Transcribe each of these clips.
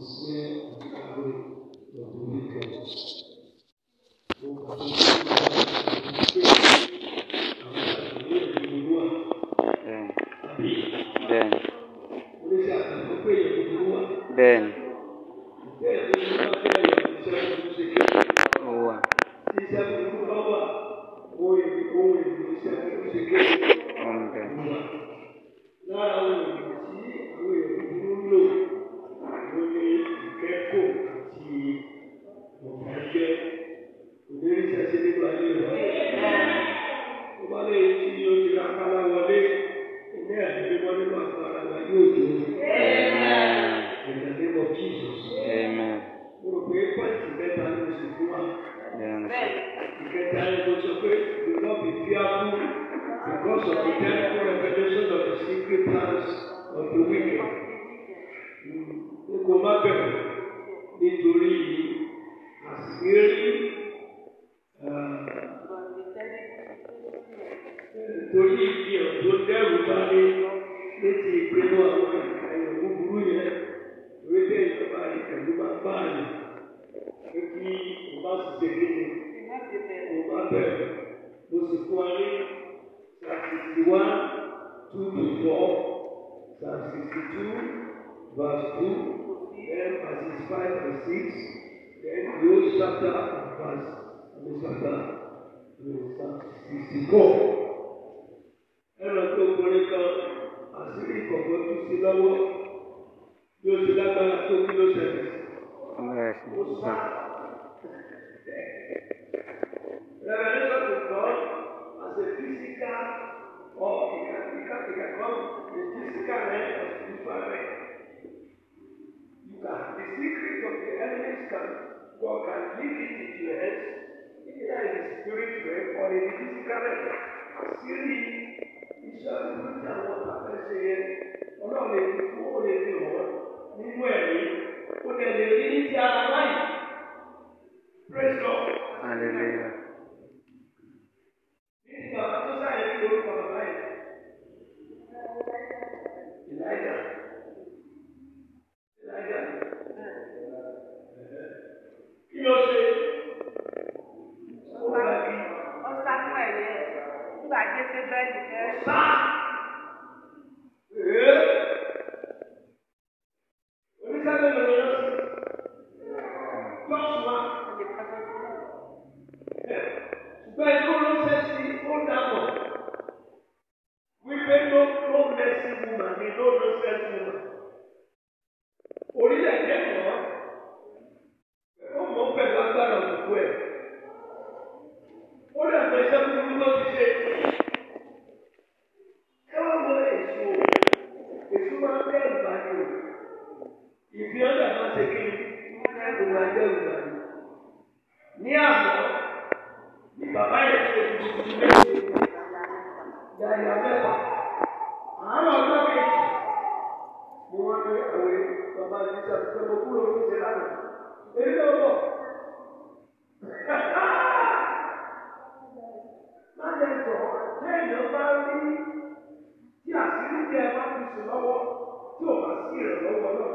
Bẹ́ẹ̀ni. Bẹ́ẹ̀ni. bí ó ṣe lágbára tó kí ló ṣẹlẹ̀. ó a physical or it can, it can, it can come a physical realm or spiritual realm. You can the secret of the elements can God can leak it into your head either in the spirit realm or in the physical realm. Àṣírí iṣẹ́ àdúgbò tí àwọn àfẹ́ ṣe yẹ ọlọ́run lè ó lè fi hàn wọ́n nínú ẹ̀mí kó tẹ̀lé e ní ti ara láì praise God. Hallelujah. mo ní àwọn bàbá yìí ṣàtúnṣe mo kúrò ní ìṣẹ̀lẹ̀ àná èyí náà bọ̀. má lè jọ bá rí tí àṣírí tí ẹ bá fi sùn lọ́wọ́ tí ò bá sí ìrànlọ́wọ́ náà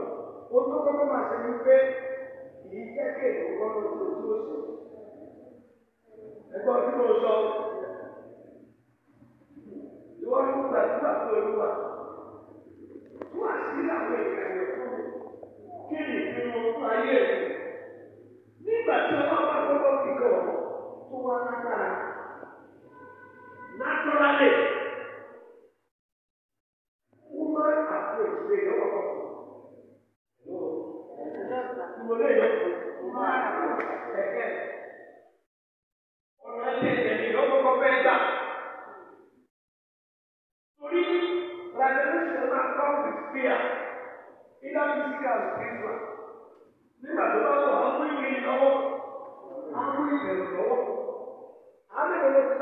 ó tó kọ́kọ́ máa ṣe ní pé kì í jẹ́ kí èèyàn gbọ́dọ̀ tí o tó sùn. ẹgbọ́n tí mo sọ ìwọ́n ń gbàdúrà fún olúwa tú àṣírí àwọn èèyàn rẹ̀ fún mi kí ni ìpinnu fún ayé rẹ̀ nígbà tí ọlọ́pàá gbọ́dọ̀ fi kàn tó wá lágbára naturally woman approach dey lọ́wọ́. Ìmọ̀lẹ́ yẹn.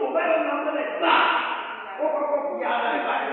kò báyọ̀ náà tẹ́lẹ̀ gbà ó kọ́kọ́ kù yá ẹ̀ báyìí.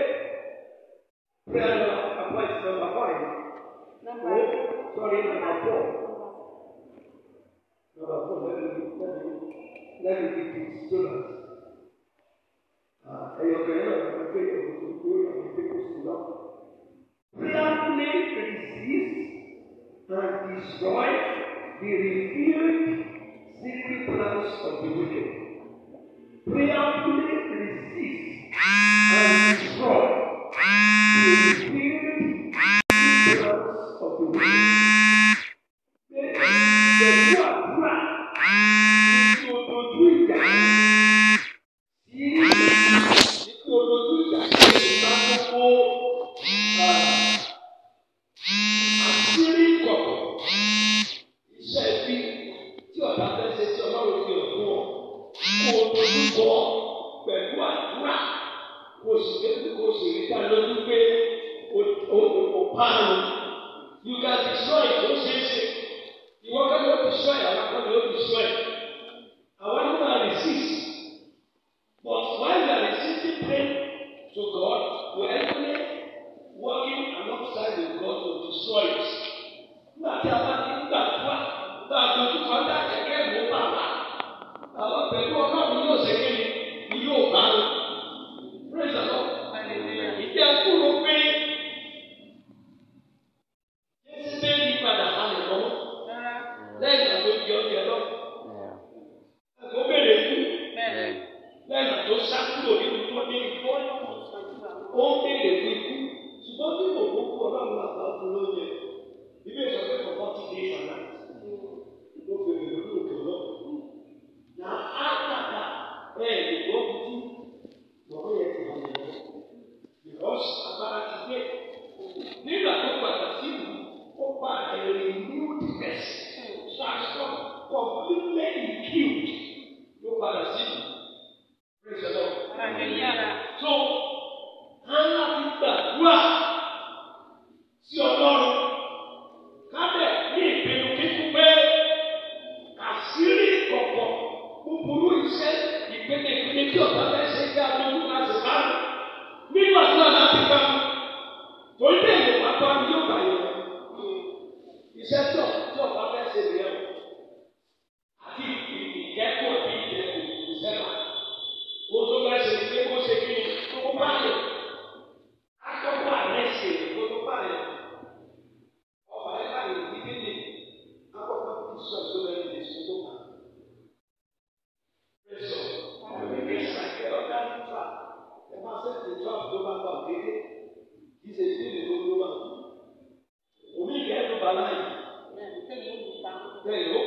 gave him my job. Now, of course, let me, let me, let me students. Uh, the people and the to and destroy the revealed secret plans of the wicked. Prayer wà láàyè. bẹ́ẹ̀ ni ó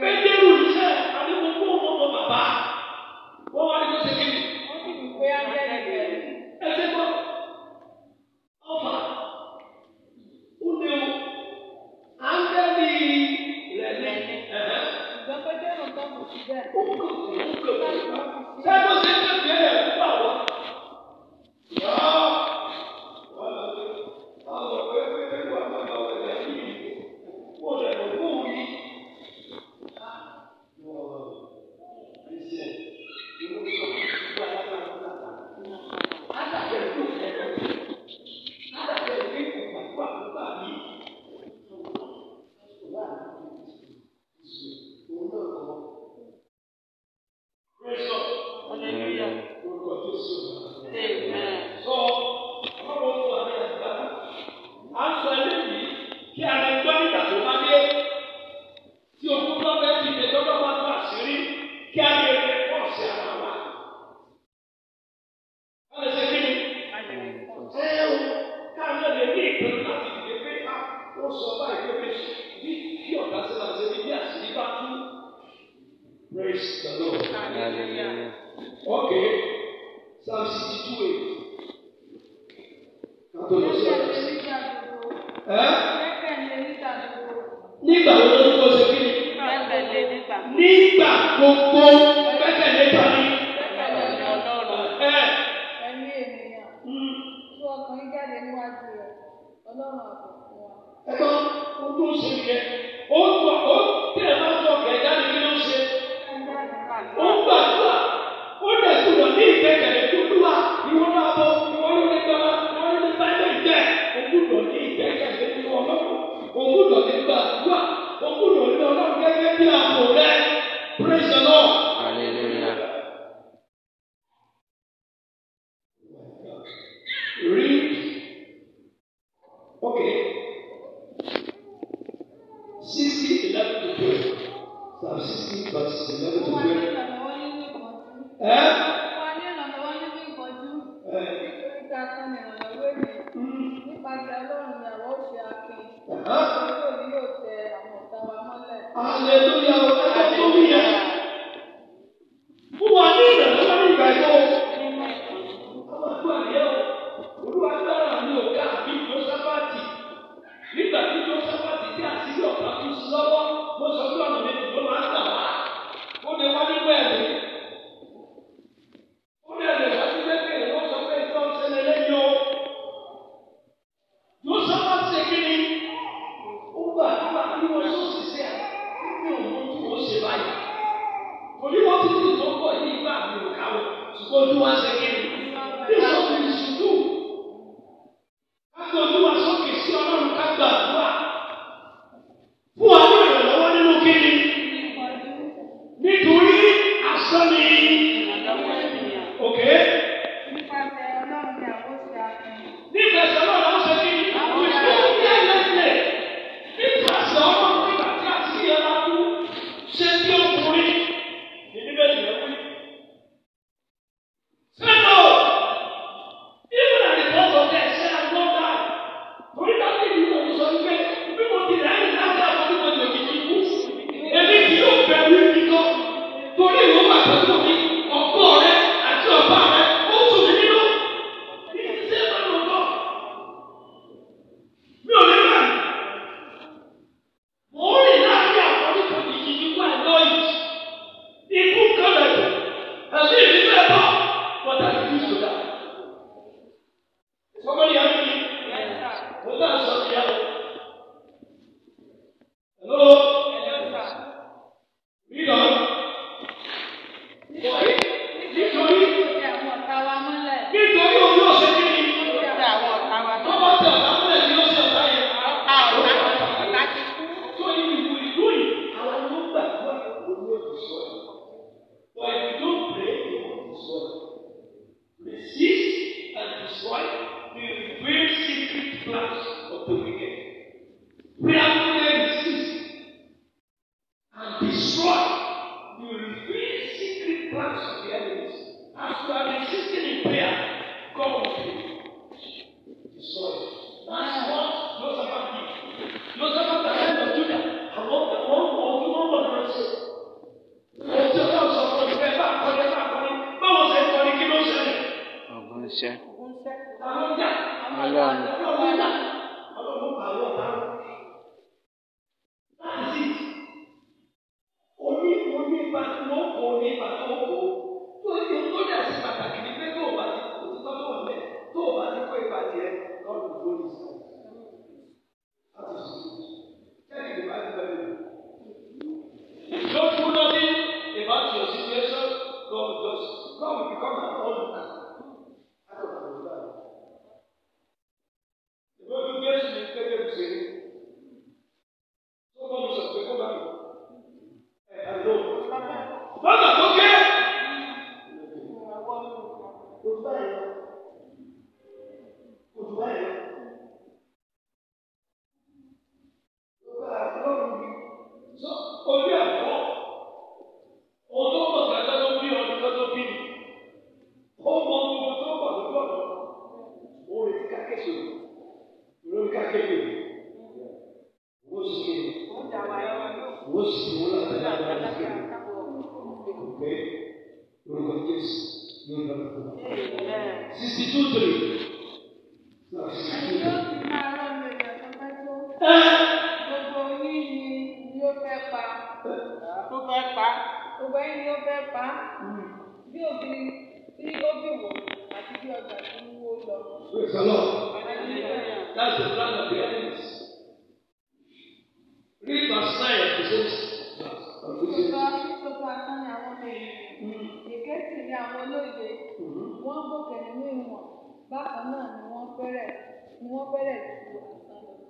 pétérù níṣẹ́ àdébòkú ọmọ bàbá. Bunu söyle.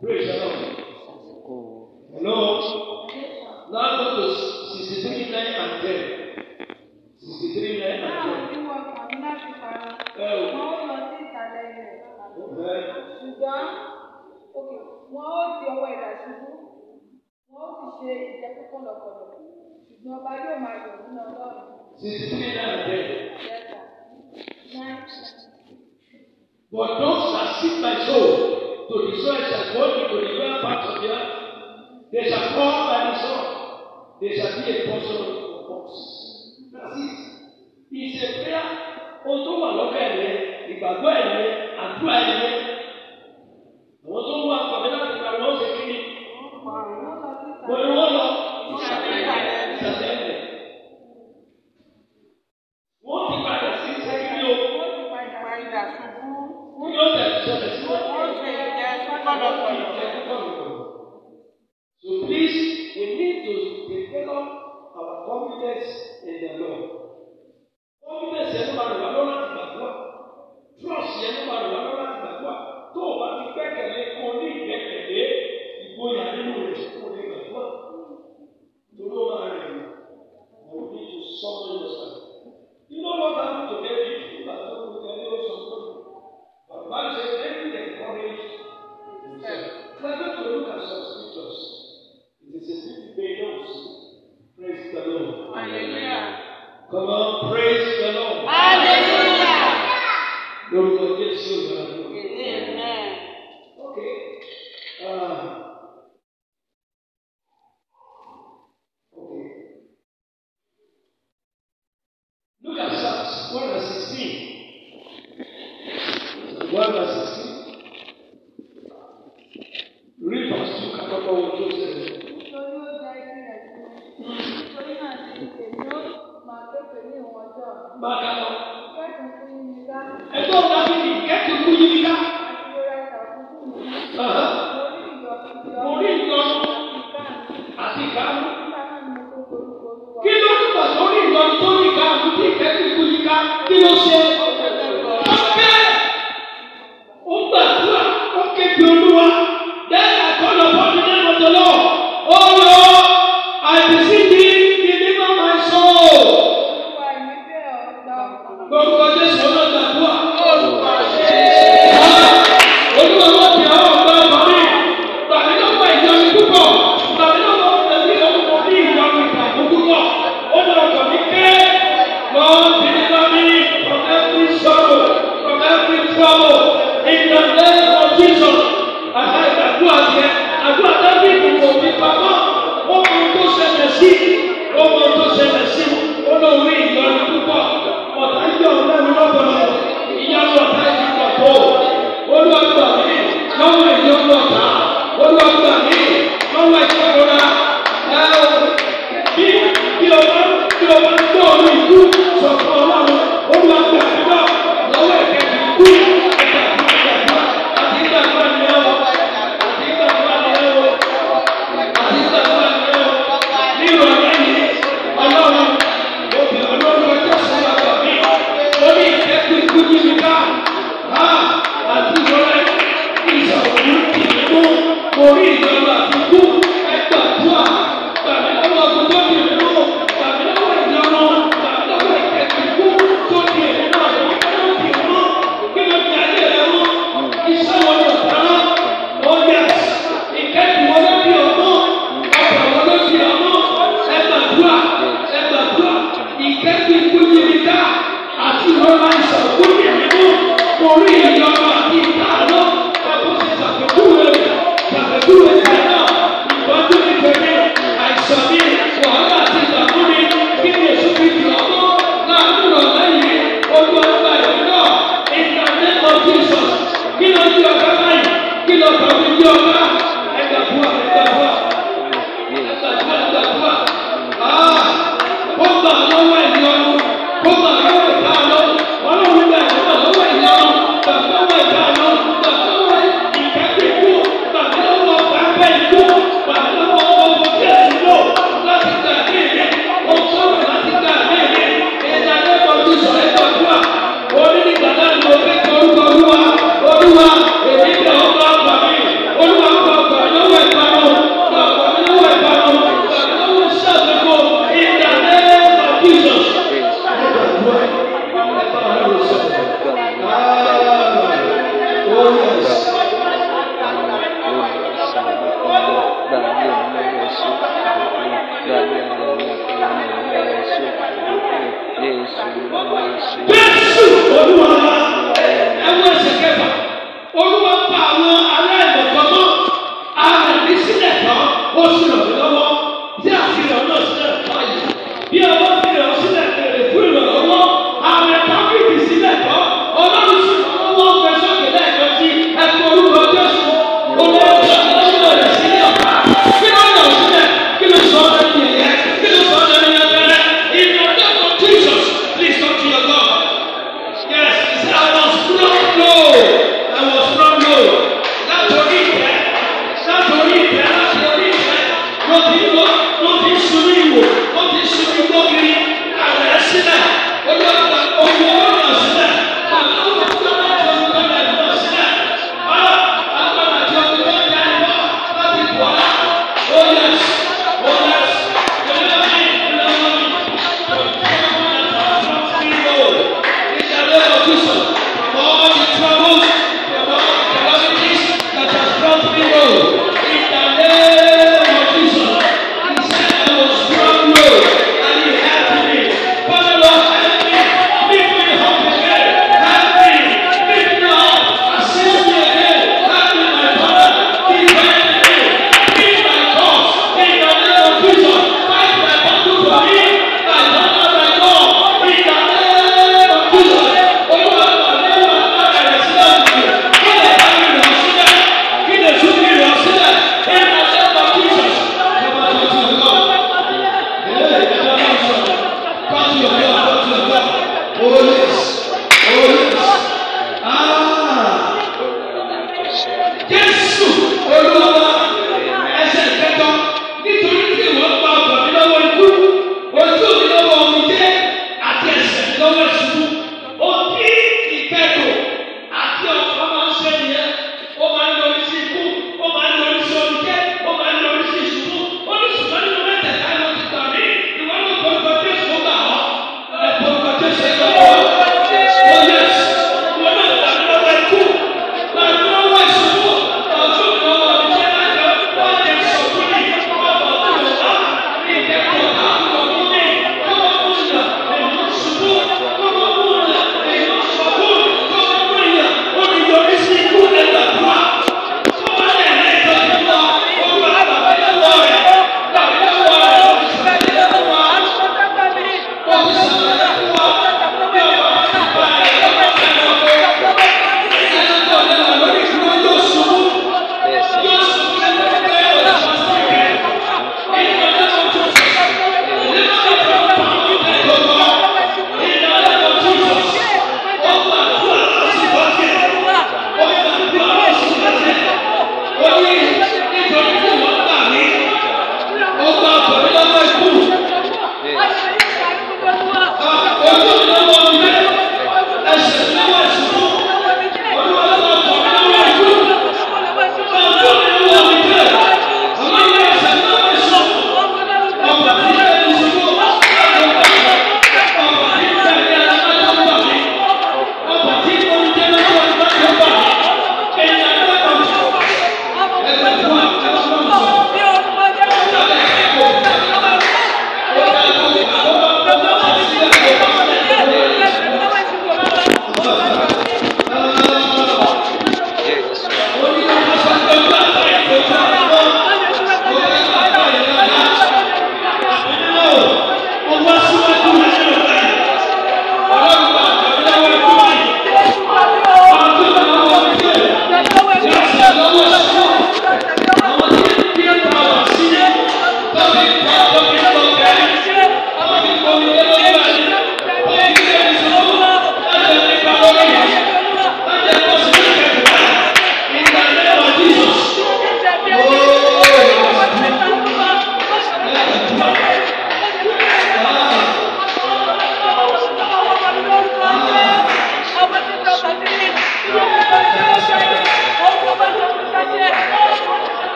Praise the Lord. mercy.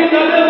Thank you.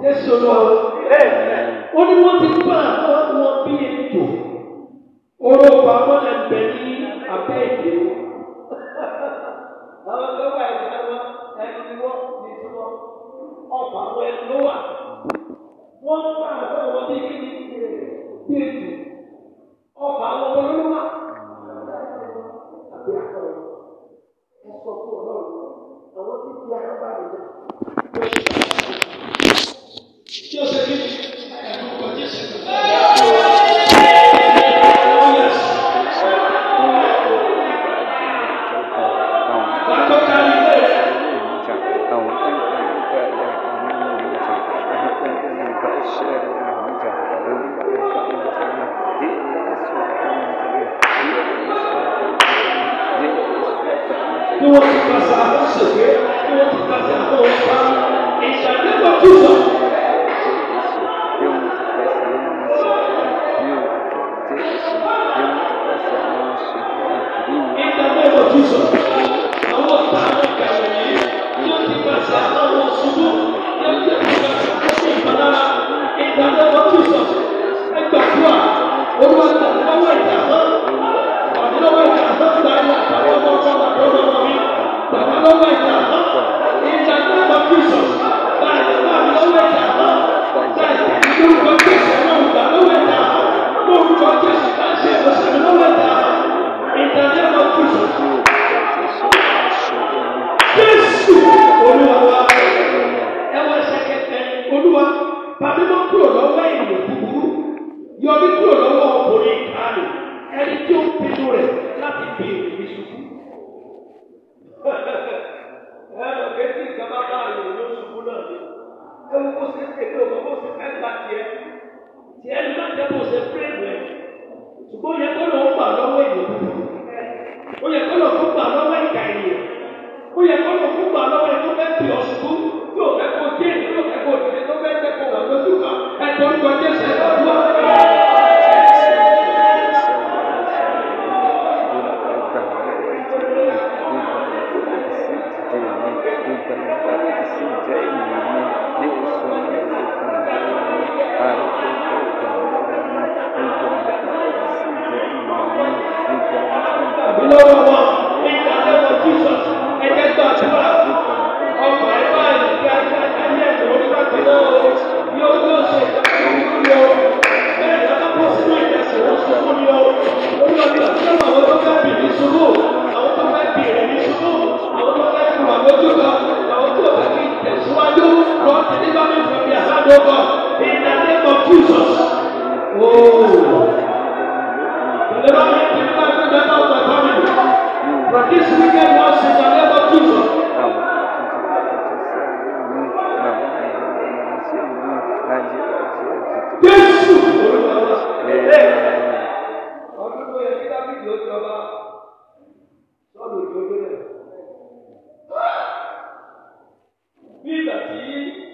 Jésù olówó ó ní wọ́n ti gbà wọ́n bí ètò orógbà wọn lè bẹ ní abẹ́ èdè wọn. Àwọn ọ̀gá wà ẹ̀dá wọn ẹni tí wọ́n ní tí wọ́n ọ̀pọ̀ àwọn ẹni ló wà. Wọ́n gbà wọ́n wọ́n bí kí ni bí ètò. nígbà tí